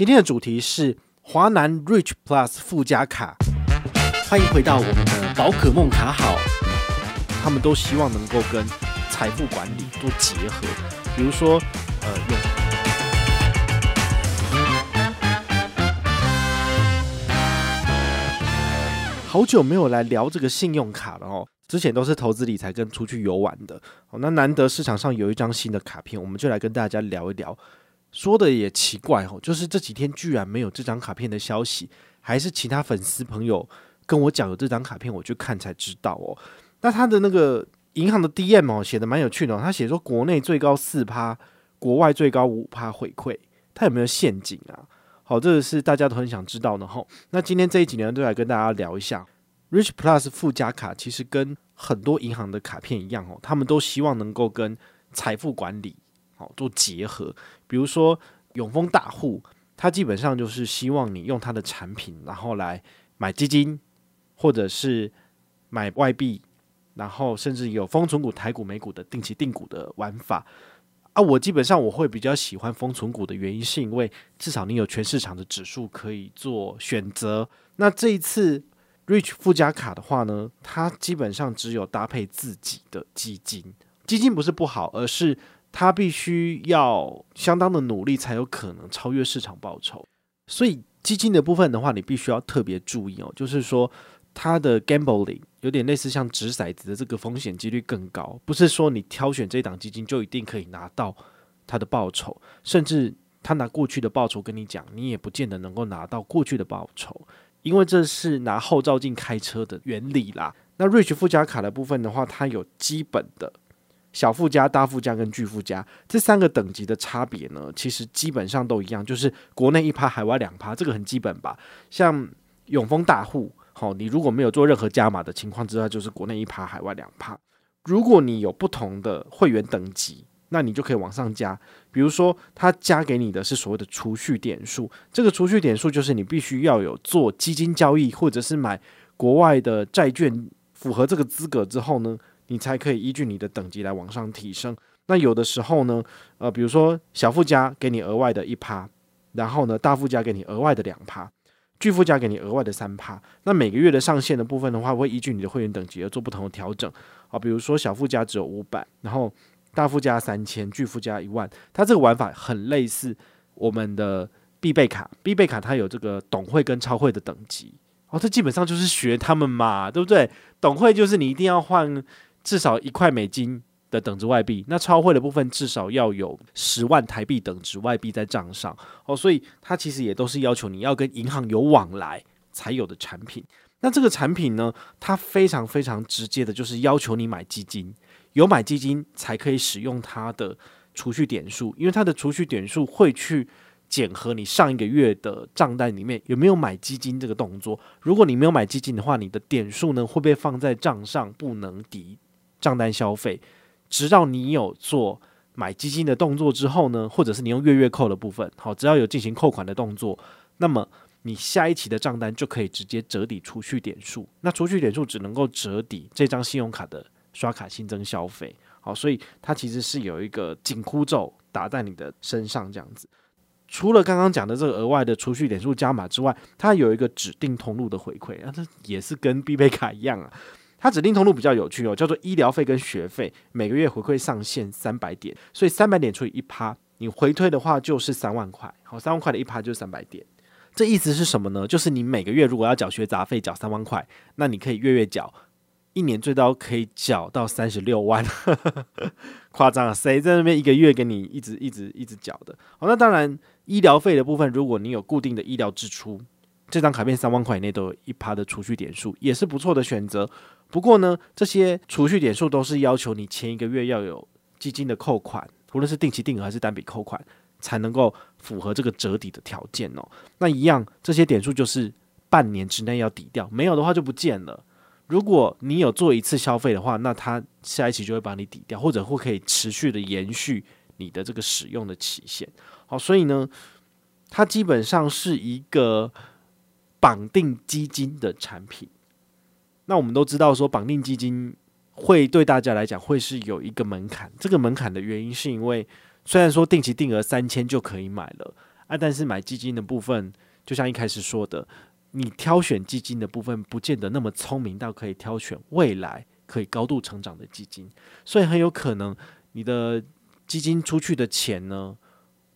今天的主題是華南 Rich Plus 富家卡，歡迎回到我們的寶可夢卡好。他們都希望能夠跟財富管理做結合，比如說，呃，用。好久沒有來聊這個信用卡了哦，之前都是投資理財跟出去遊玩的。那難得市場上有一張新的卡片，我們就來跟大家聊一聊。說的也奇怪哦，就是這幾天居然沒有這張卡片的消息，還是其他粉絲朋友跟我講有這張卡片，我去看才知道哦。那他的那個銀行的 DM 哦，寫的蠻有趣的，他寫說國內最高四趴，國外最高五趴回饋，他有沒有陷阱啊？好，這個是大家都很想知道的吼，那今天這一集呢，就來跟大家聊一下 Rich Plus 富家卡。其實跟很多銀行的卡片一樣哦，他們都希望能夠跟財富管理好做結合。比如說永豐大戶，他基本上就是希望你用他的產品，然後來買基金，或者是買外幣，然後甚至有豐存股、台股、美股的定期定股的玩法啊。我基本上我會比較喜歡豐存股的原因，是因為至少你有全市場的指數可以做選擇。那這一次 Rich 富家卡的話呢，它基本上只有搭配自己的基金，基金不是不好，而是。他必須要相當的努力才有可能超越市場報酬，所以基金的部分的話，你必須要特別注意哦，就是說它的 gambling 有點類似像擲骰子的這個風險幾率更高，不是說你挑選這檔基金就一定可以拿到它的報酬，甚至他拿過去的報酬跟你講，你也不見得能夠拿到過去的報酬，因為這是拿後照鏡開車的原理啦。那 Rich 富家卡的部分的話，它有基本的。小富家、大富家跟巨富家這三個等級的差別呢，其實基本上都一樣，就是國內一趴、海外兩趴，這個很基本吧。像永豐大戶，好、哦，你如果沒有做任何加碼的情況之下，就是國內一趴、海外兩趴。如果你有不同的會員等級，那你就可以往上加。比如說，他加給你的是所謂的儲蓄點數，這個儲蓄點數就是你必須要有做基金交易或者是買國外的債券，符合這個資格之後呢。你才可以依據你的等級來往上提升。那有的時候呢，呃，比如說小富家給你額外的一趴，然後呢大富家給你額外的兩趴，巨富家給你額外的三趴。那每個月的上限的部分的話，會依據你的會員等級而做不同的調整啊。比如說小富家只有五百，然後大富家三千，巨富家一萬。它這個玩法很類似我們的必備卡，必備卡它有這個懂會跟超會的等級哦。這基本上就是學他們嘛，對不對？懂會就是你一定要換。至少一塊美金的等值外幣，那超匯的部分至少要有十萬台幣等值外幣在賬上哦，所以它其實也都是要求你要跟銀行有往來才有的產品。那這個產品呢，它非常非常直接的，就是要求你買基金，有買基金才可以使用它的儲蓄點數，因為它的儲蓄點數會去檢核你上一個月的賬單裡面有沒有買基金這個動作。如果你沒有買基金的話，你的點數呢會被放在賬上不能抵賬單消費，直到你有做買基金的動作之後呢，或者是你用月月扣的部分，好，只要有進行扣款的動作，那麼你下一期的賬單就可以直接折抵儲蓄點數。那儲蓄點數只能夠折抵這張信用卡的刷卡新增消費，好，所以它其實是有一個緊箍咒打在你的身上這樣子。除了剛剛講的這個額外的儲蓄點數加碼之外，它有一個指定通路的回饋啊，這也是跟必備卡一樣啊。它指定通路比較有趣哦，叫做醫療費跟學費，每個月回饋上限三百點，所以三百點除以一趴，你回推的話就是三萬塊。好，三萬塊的一趴就是三百點，這意思是什麼呢？就是你每個月如果要繳學雜費繳三萬塊，那你可以月月繳，一年最高可以繳到三十六萬，誇 張了，誰在那邊一個月給你一直一直一直繳的？好，那當然醫療費的部分，如果你有固定的醫療支出。這張卡片三萬塊以內都有一趴的儲蓄點數，也是不錯的選擇。不過呢，這些儲蓄點數都是要求你前一個月要有基金的扣款，無論是定期定額還是單筆扣款，才能夠符合這個折抵的條件哦。那一樣，這些點數就是半年之內要抵掉，沒有的話就不見了。如果你有做一次消費的話，那它下一期就會幫你抵掉，或者會可以持續的延續你的這個使用的期限。好，所以呢，它基本上是一個。綁定基金的產品，那我們都知道說綁定基金會對大家來講會是有一個門檻。這個門檻的原因是因為，雖然說定期定額三千就可以買了啊，但是買基金的部分，就像一開始說的，你挑選基金的部分不見得那麼聰明到可以挑選未來可以高度成長的基金，所以很有可能你的基金出去的錢呢。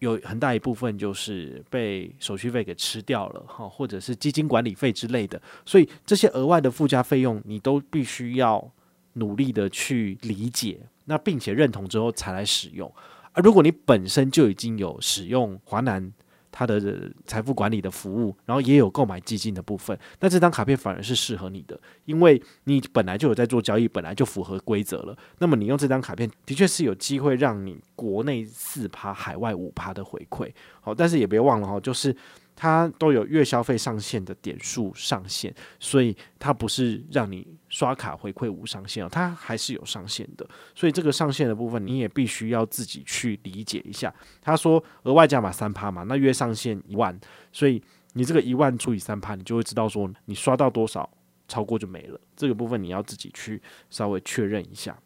有很大一部分就是被手續費給吃掉了，哈，或者是基金管理費之類的，所以這些額外的附加費用你都必須要努力的去理解，那並且認同之後才來使用。而如果你本身就已經有使用華南。他的財富管理的服務，然後也有購買基金的部分，那這張卡片反而是適合你的，因為你本來就有在做交易，本來就符合規則了。那麼你用這張卡片，的確是有機會讓你國內四趴、海外五趴的回饋。好，但是也別忘了哈，就是。它都有月消費上限的點數上限，所以它不是讓你刷卡回饋無上限哦、喔，它還是有上限的。所以這個上限的部分你也必須要自己去理解一下。他說額外加碼三趴嘛，那月上限一萬，所以你這個一萬除以三趴，你就會知道說你刷到多少，超過就沒了。這個部分你要自己去稍微確認一下。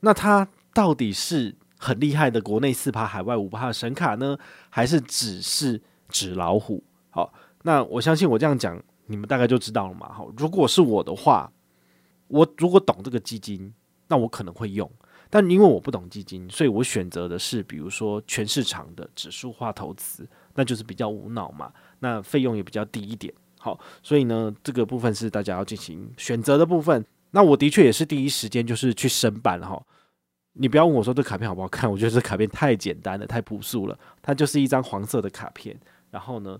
那它到底是很厲害的國內四趴海外五趴的神卡呢，還是只是紙老虎，好，那我相信我這樣講，你們大概就知道了嘛。好，如果是我的話，我如果懂這個基金，那我可能會用，但因為我不懂基金，所以我選擇的是比如說全市場的指數化投資，那就是比較無腦嘛，那費用也比較低一點。好，所以呢，這個部分是大家要進行選擇的部分。那我的確也是第一時間就是去申辦哈。你不要問我說，這卡片好不好看，我覺得這卡片太簡單了，太樸素了，它就是一張黃色的卡片。然後呢，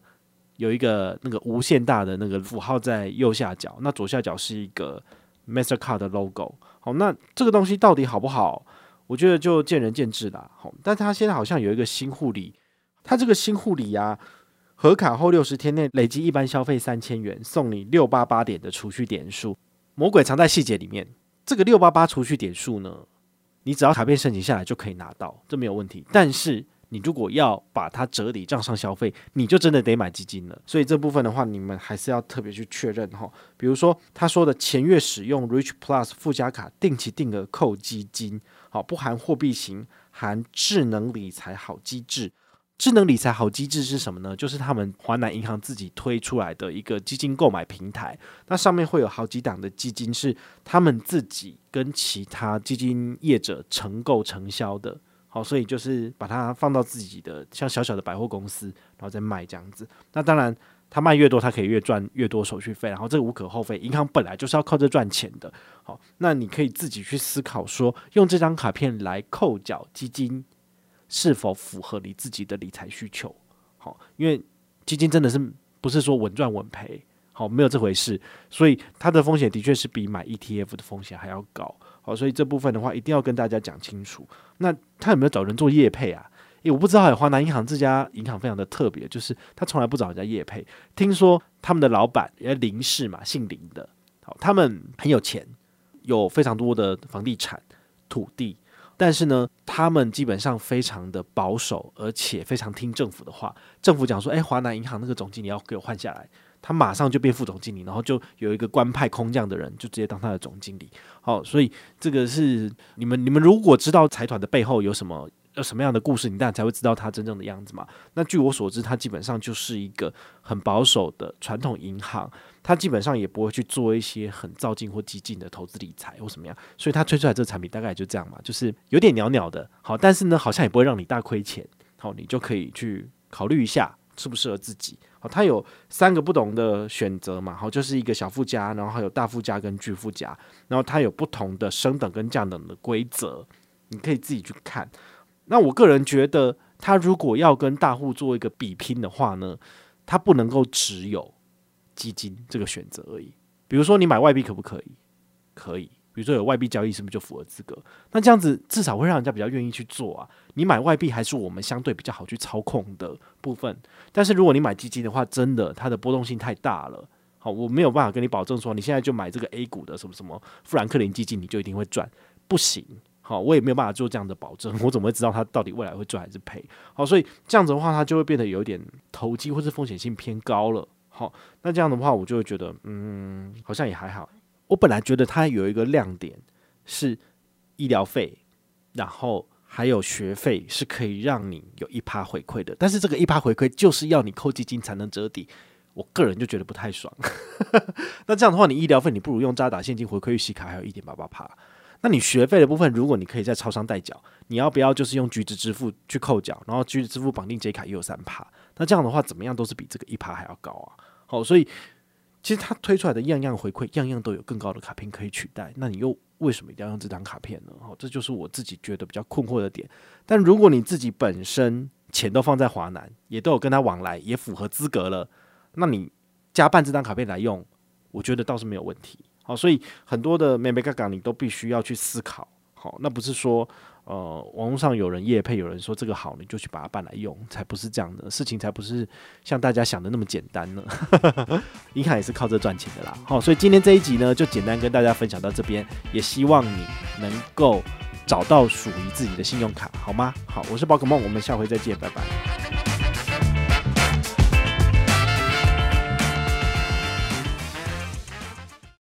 有一個那個無限大的那個符號在右下角，那左下角是一個 Mastercard 的 logo。好，那這個東西到底好不好？我覺得就見仁見智啦。好，但他現在好像有一個新護理，他這個新護理呀、啊，核卡後六十天內累計一般消費三千元，送你六八八點的儲蓄點數。魔鬼藏在細節裡面，這個六八八儲蓄點數呢，你只要卡片申請下來就可以拿到，這沒有問題。但是你如果要把它折抵賬上消費，你就真的得買基金了。所以這部分的話，你們還是要特別去確認哈。比如說他說的前月使用 Rich Plus 附加卡定期定額扣基金，好，不含貨幣型，含智能理財好機制。智能理財好機制是什麼呢？就是他們華南銀行自己推出來的一個基金購買平台。那上面會有好幾檔的基金是他們自己跟其他基金業者承購承銷的。好，所以就是把它放到自己的像小小的百貨公司，然後再賣這樣子。那當然，他賣越多，他可以越賺越多手續費。然後這個無可厚非，銀行本來就是要靠這賺錢的。好，那你可以自己去思考說，用這張卡片來扣繳基金，是否符合你自己的理財需求？好，因為基金真的是不是說穩賺穩賠？好，沒有這回事。所以它的風險的確是比買 ETF 的風險還要高。好，所以這部分的話一定要跟大家講清楚。那他有沒有找人做業配啊？因為我不知道。欸，華南銀行這家銀行非常的特別，就是他從來不找人家業配。聽說他們的老闆誒，林氏嘛，姓林的。好，他們很有錢，有非常多的房地產土地，但是呢，他們基本上非常的保守，而且非常聽政府的話。政府講說，欸，華南銀行那個總經理要給我換下來。他馬上就變副總經理，然後就有一個官派空降的人，就直接當他的總經理。好，所以這個是你們，你們如果知道財團的背後有什麼有什麼樣的故事，你大概才會知道他真正的樣子嘛。那據我所知，他基本上就是一個很保守的傳統銀行，他基本上也不會去做一些很躁進或激進的投資理財或什麼樣。所以，他推出來這個產品大概就這樣嘛，就是有點鳥鳥的。好，但是呢，好像也不會讓你大虧錢。好，你就可以去考慮一下適不適合自己。它有三個不同的選擇嘛，好，就是一個小富家，然後還有大富家跟巨富家，然後它有不同的升等跟降等的規則，你可以自己去看。那我個人覺得，它如果要跟大戶做一個比拼的話呢，它不能夠只有基金這個選擇而已。比如說，你買外幣可不可以？可以。比如說有外幣交易，是不是就符合資格？那這樣子至少會讓人家比較願意去做啊。你買外幣還是我們相對比較好去操控的部分。但是如果你買基金的話，真的它的波動性太大了。好，我沒有辦法跟你保證說你現在就買這個 A 股的什麼什麼富蘭克林基金，你就一定會賺，不行。好，我也沒有辦法做這樣的保證。我怎麼會知道它到底未來會賺還是賠？好，所以這樣子的話，它就會變得有點投機或是風險性偏高了。好，那這樣的話，我就會覺得，嗯，好像也還好。我本來覺得它有一個亮點是醫療費，然後還有學費是可以讓你有一趴回饋的，但是這個一趴回饋就是要你扣基金才能折抵，我個人就覺得不太爽。 那這樣的話，你醫療費你不如用渣打現金回饋御璽卡還有一點八八趴，那你學費的部分如果你可以在超商代繳，你要不要就是用橘子支付去扣繳，然後橘子支付綁定 J 卡也有三趴，那這樣的話怎麼樣都是比這個一趴還要高啊？好、哦，所以。其實他推出來的樣樣回饋，樣樣都有更高的卡片可以取代，那你又為什麼一定要用這張卡片呢？好，這就是我自己覺得比較困惑的點。但如果你自己本身錢都放在華南，也都有跟他往來，也符合資格了，那你加辦這張卡片來用，我覺得倒是沒有問題。好，所以很多的眉眉角角，你都必須要去思考。好，那不是說。呃，網絡上有人業配，有人說這個好，你就去把它辦來用，才不是這樣的，事情才不是像大家想的那麼簡單呢。銀 行也是靠這賺錢的啦。好、哦，所以今天這一集呢，就簡單跟大家分享到這邊，也希望你能夠找到屬於自己的信用卡，好嗎？好，我是寶可夢，我們下回再見，拜拜。